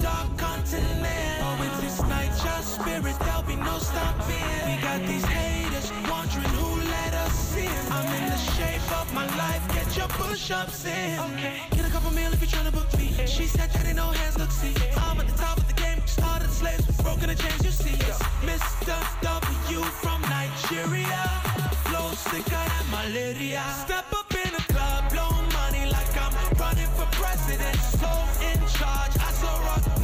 dark continent. Oh, if this night just spirit, there'll be no stopping. We got these haters wondering who let us in. I'm in the shape of my life, get your push-ups in. Okay. Get a couple meal if you're trying to book me. She said that ain't no hands, look see. I'm at the top of the game, started the slaves, broken the chains, you see. Mr. W from Nigeria, flow sicker than malaria. Step up in the club, blow money like I'm running for president, so in charge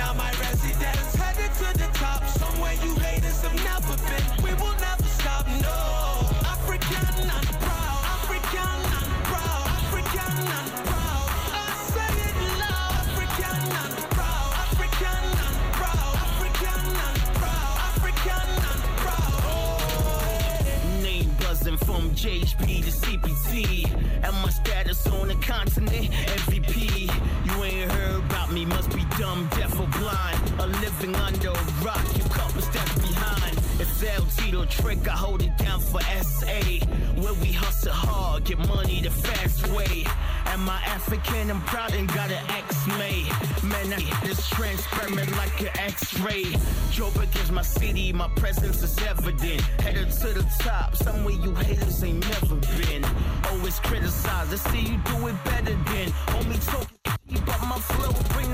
now my residence. Headed to the top, somewhere you haters have never been. We will never stop, no. African proud, African proud, African proud. I say it loud. African proud, African proud, African proud, African proud. Name buzzing from JHP to CPT, and my status on the continent MVP. You ain't heard about me, must be dumb, deaf Living under a rock, you couple steps behind. It's El Tito trick, I hold it down for SA. Where we hustle hard, get money the fast way. Am I African? I'm proud and got an X made. Man, I this transparent like an X ray. Joburg is my city, my presence is evident. Headed to the top, somewhere you haters ain't never been. Always criticized, I see you do it better than homie talk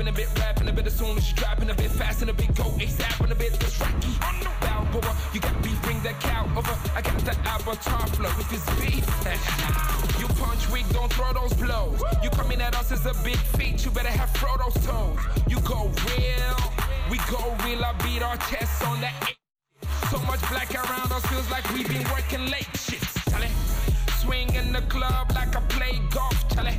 rapping a bit, rapping a bit as soon as you dropping a bit fast and a bit go ASAP and a bit less rocky. i know about Balboa, you got beef, bring that cow over. I got that avatar flow with this beef. you punch weak, don't throw those blows. You coming at us as a big feat, you better have Frodo's toes. You go real, we go real. I beat our chests on that. So much black around us feels like we've been working late. Shit, tell it. Swing in the club like I play golf, tell it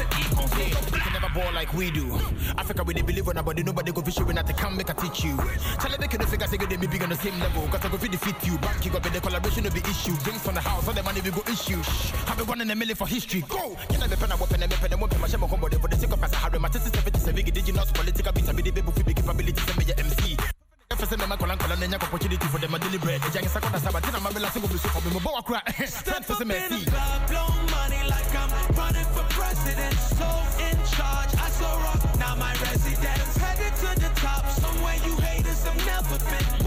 war like we do. Africa, we they believe on nobody, nobody go fish when I can make a teach you. Charlie, they can't figure say they be big on the same level. Cause I go fit defeat you. Back you got the collaboration of the issue. Drinks on the house, all the money we go issue. Shh. Have been one in a million for history. Go! Can I be pen a weapon and weapon and weapon? My shame on combo, they for the sake of Sahara. My sister's 77 digits, not political beats, I be the baby, we be capabilities, and major say am a call and call and then opportunity for them a deliberate. They young single for me, cry. Step up in the club, blow money like I'm running for president. So in charge, I so rock, now my residence. Headed to the top, somewhere you haters have never been.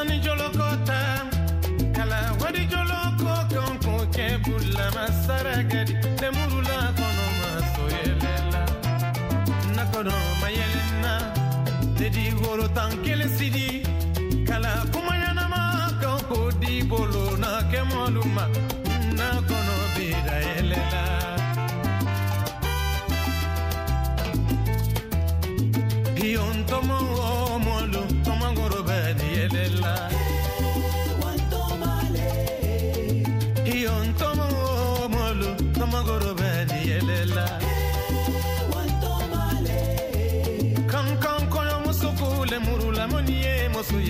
sani joloko ta kala wadi joloko kan kun kɛ bulama sarakadi lemurula kɔnɔ ma so yɛlɛla nakɔnɔ ma yɛlɛna dedi woro tan kelen sidi kala kumayanama kan ko di bolo na kɛmɔlu bella. Ion tomo molu, tomo goro beni yelela. Kan kan kono musukule murula moniye mosu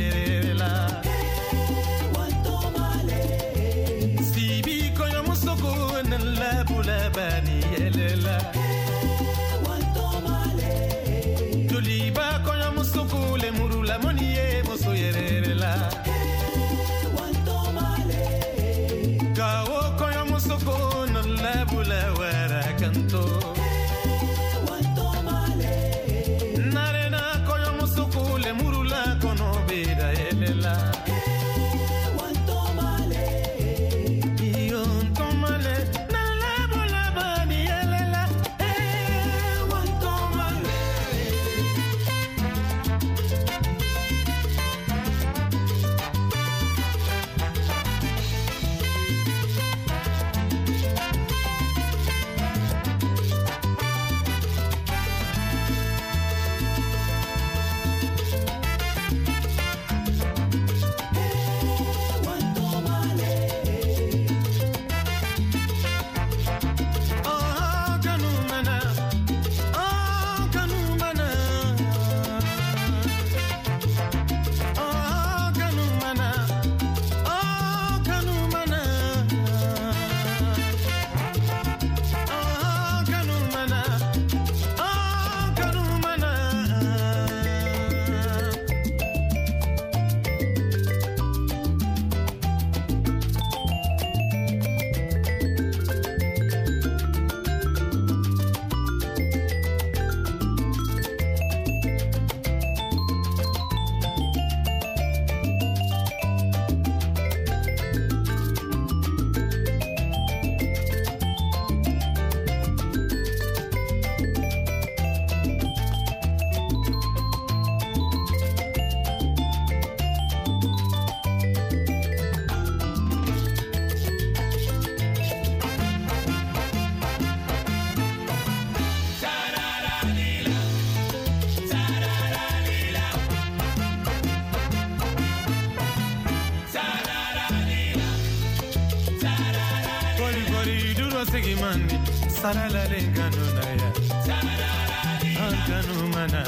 paralale gano na ya gano mana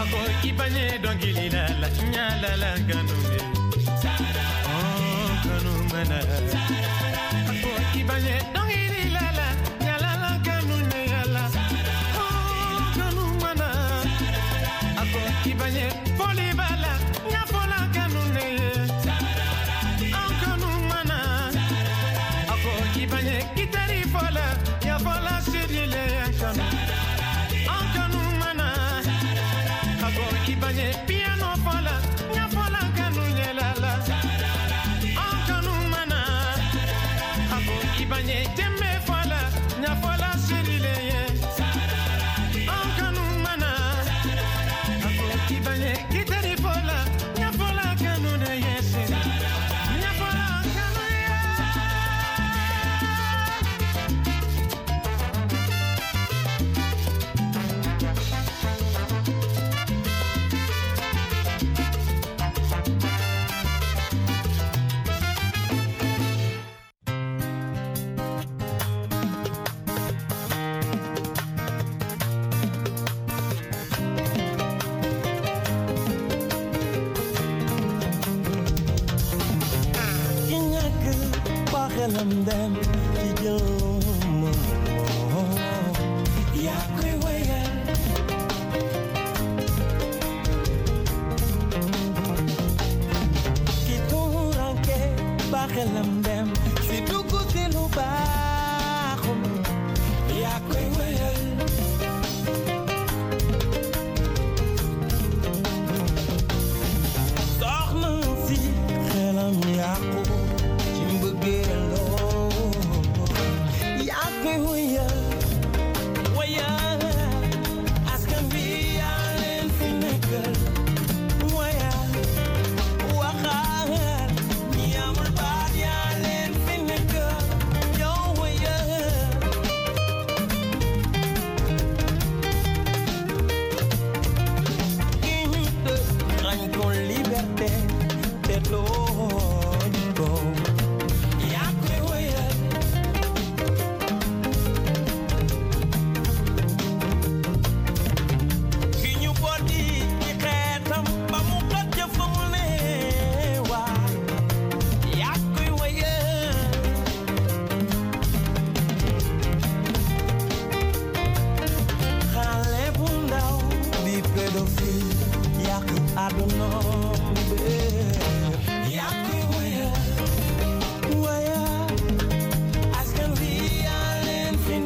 ako kipanye dongili la la nyala la gano me oh mana ako kipanye dongili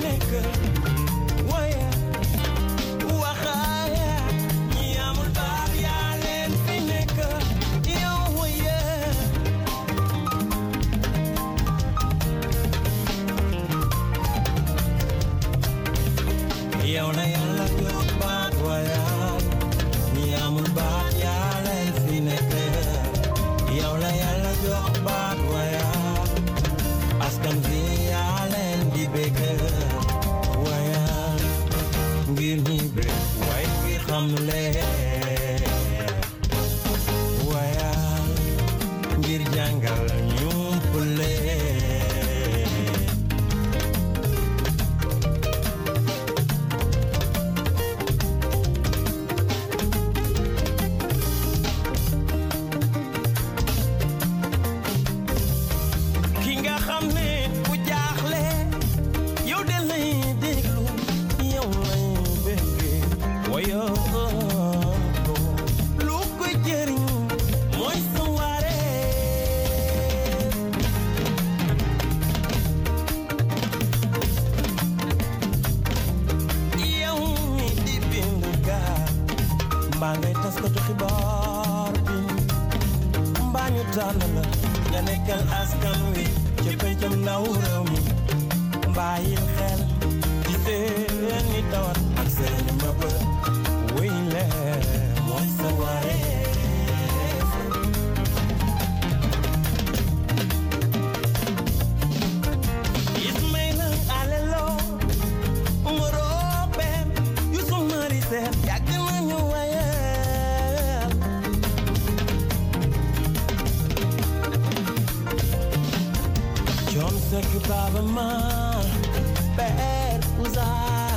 maker. estava má, usar.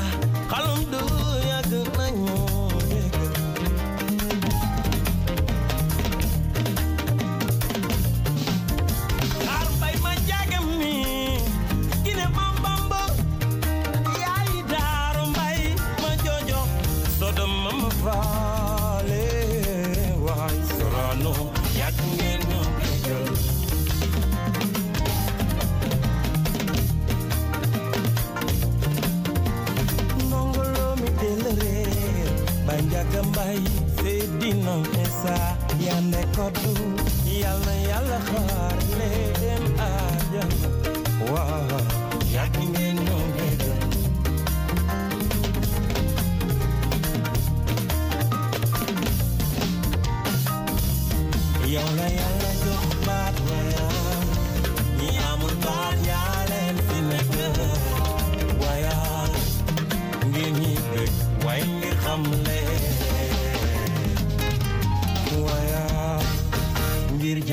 God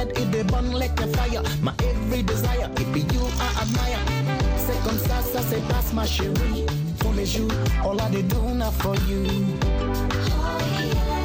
inside, it be burn like a fire. My every desire, it be you I admire. C'est comme ça, say pass my sherry. chérie. Tous les all I do now for you. Oh, yeah.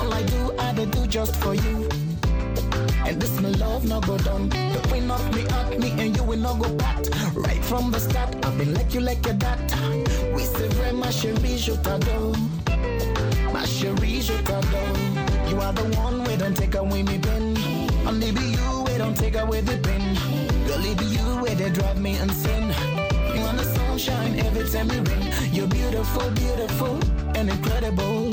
All I do, I do just for you. And this my love no go down. queen of me at me and you will not go back. Right from the start, I've been like you like a dat. We say vrai my chérie, je t'adore. My chérie, je t'adore. You are the one we don't take away me pen. And maybe you we don't take away the pen. Girl, it be you where they drive me insane. You want the sunshine every time you rain. You're beautiful, beautiful, and incredible.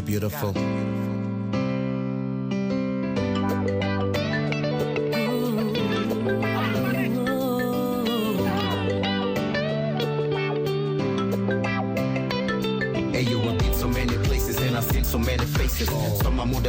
you're beautiful.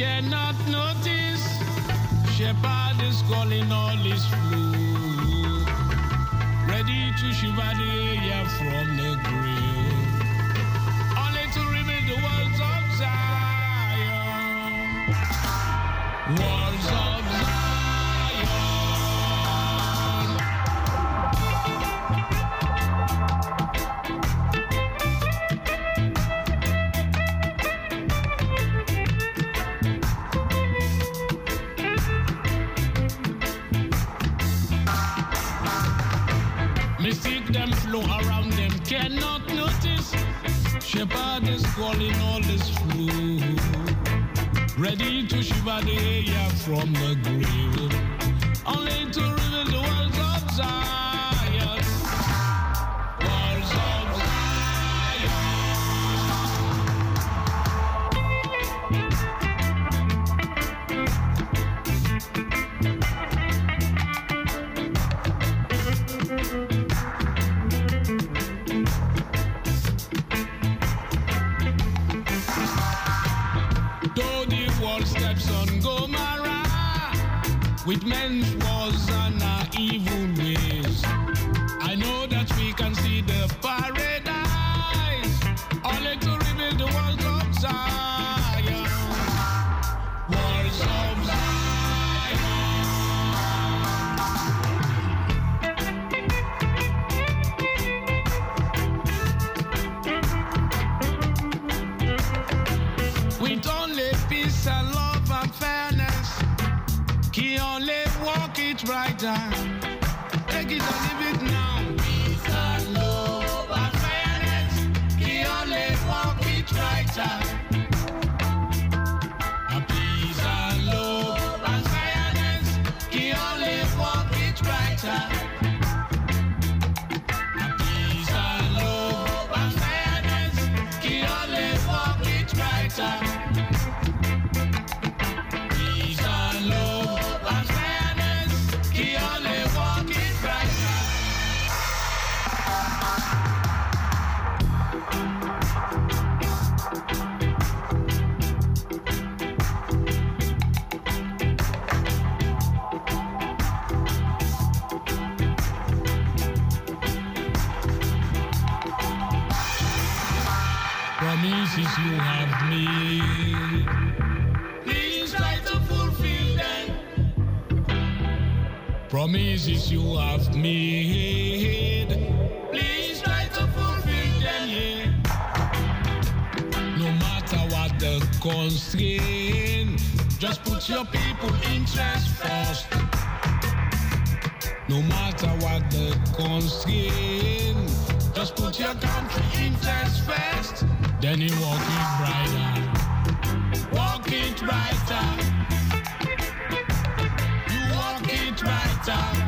cannot notice. Shepherd is calling all his flock, ready to shiver the air from the grave, only to rebuild the walls of Zion. One flow around them cannot notice. Shepherd is calling all his flow. Ready to shiver the air from the grave. Only to reveal the world's outside. men's was right down. me. Please try to fulfill them. Promises you have made. Please try to fulfill them. Yeah. No matter what the constraint, just put your people interest first. No matter what the constraint. Just put your country interests first. Then you walk it brighter. Walk it brighter. You walk it brighter.